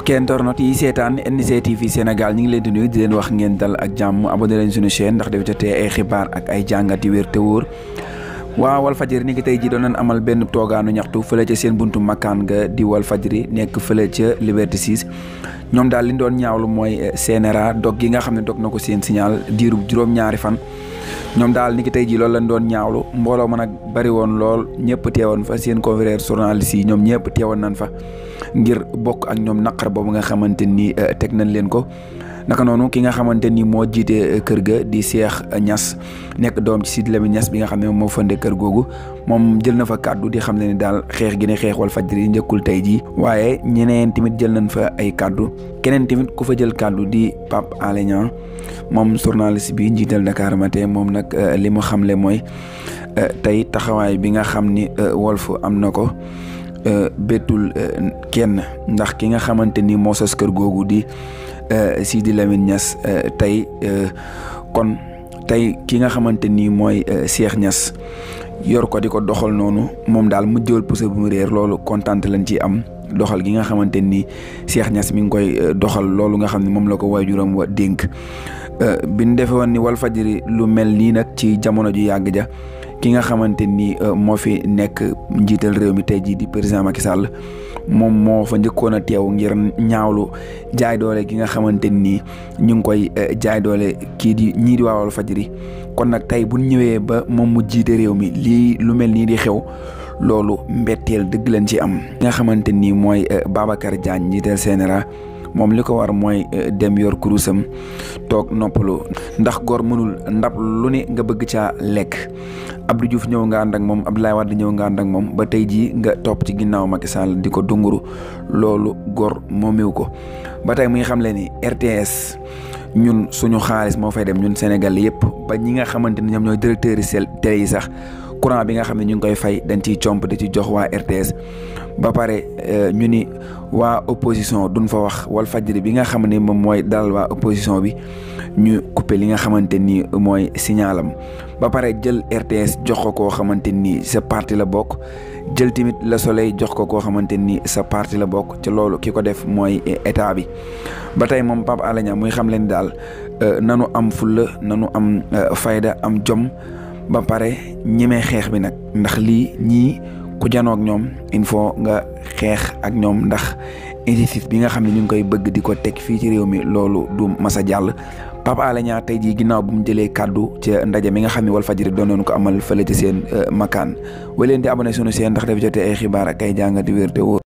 mbokk internet yi seetaan NGT TV Sénégal ñu ngi leen di nuy di leen wax ngeen dal ak jàmm abonné leen suñu chaîne ndax dafay jotee ay xibaar ak ay jàngat yu wér te wóor waaw Walfadjri ni ki tey ji doon nañ amal benn toogaanu ñaxtu fële ca seen buntu makaan nga di fajiri nekk fële ca Liberté 6 ñoom daal li doon ñaawlu mooy CNRA eh, dog gi nga xam ne dog na ko seen signal diirub juróom-ñaari fan ñoom daal ni ki tey jii loolu lañ doon ñaawlu mbooloo ma nag bari woon lool ñëpp teewoon fa seen confrères journalistes si ñoom ñëpp teewoon nañ fa ngir bokk ak ñoom naqar boobu nga xamante ni eh, teg nañ leen ko naka noonu ki nga xamante ni moo jiite euh, kër ga di Cheikh ñas nekk doom ci Sidy Lamine Niass bi nga xam ne moo fënde kër googu moom jël na fa kàddu di xam ne ni daal xeex gi ne xeex Walfadjri njëkkul tey jii waaye ñeneen tamit jël nañ fa ay kàddu keneen tamit ku fa jël kàddu di pap Alé Niang moom journaliste bi njiital Dakar Matin moom nag euh, li mu xamle mooy euh, tey taxawaay bi nga xam ni wol Walf am na ko Euh, bettul euh, kenn ndax ki nga xamante ni moo sos kër googu di euh, di Lamine Niass tey kon tey ki nga xamante ni mooy Cheikh Niass yor ko di ko doxal noonu moom daal mu jëwal pousse bu mu réer loolu kontaan lañ ci am doxal gi nga xamante ni Cheikh Niass mi ngi koy doxal loolu nga xam ne moom la ko waajuram wa dénk bi ñu defee woon ni Walfadjri lu mel nii nag ci jamono ju yàgg ja ki nga xamante ni euh, moo fi nekk njiital réew mi tey jii di président Macky Sall moom moo fa njëkkoon a teew ngir ñaawlu jaay doole gi nga xamante ni ñu ngi koy euh, jaay kii di ñii di faj Walfadjri kon nag tey bu ñëwee ba moom mu jiite réew mi lii lu mel nii di xew loolu mbetteel dëgg leen ci am. ki nga xamante nii mooy euh, Babacar Diagne njiital CNRA. moom li ko war mooy eh, dem yor kurusam toog noppalu ndax góor mënul ndab lu ne nga bëgg caa lekk ab Abdou Diouf ñëw nga ànd ak moom war di ñëw nga ànd ak moom ba tey jii nga topp ci ginnaaw Macky Sall di ko dunguru loolu góor moomiwu ko ba tey muy xam le ni RTS ñun suñu xaalis moo fay dem ñun Sénégal yëpp ba ñi nga xamante ni ñoom ñooy directeurs yi seen télé yi sax courant bi nga xam ne ñu ngi koy fay dañ ciy comp di ci jox waa RTS ba pare euh, ñu ni waa opposition duñ fa wax wal fajri bi nga xam ne moom mooy dalal waa opposition bi ñu coupé li nga xamante ni mooy signalam ba pare jël RTS jox ko koo xamante ni sa parti la bokk jël timit la Soleil jox ko koo xamante ni sa parti la bokk ci loolu ki ko def mooy état bi ba tey moom pap Alé Niang muy xam leen daal euh, nanu am fulla nanu am euh, fayda am jom ba pare ñemee xeex bi nag ndax lii ñii ku janoo ak ñoom il faut nga xeex ak ñoom ndax injustice bi nga xam ne ñu ngi koy bëgg di ko teg fii ci réew mi loolu du masa jàll Pape Alé Niang tey jii ginnaaw bu mu jëlee kàddu ca ndaje mi nga xam ne Walfadjri doonoon ko amal fa ci seen euh, makaan way leen di abonné sunu seen ndax daf jotee ay xibaar ak ay jàngat wér te wóor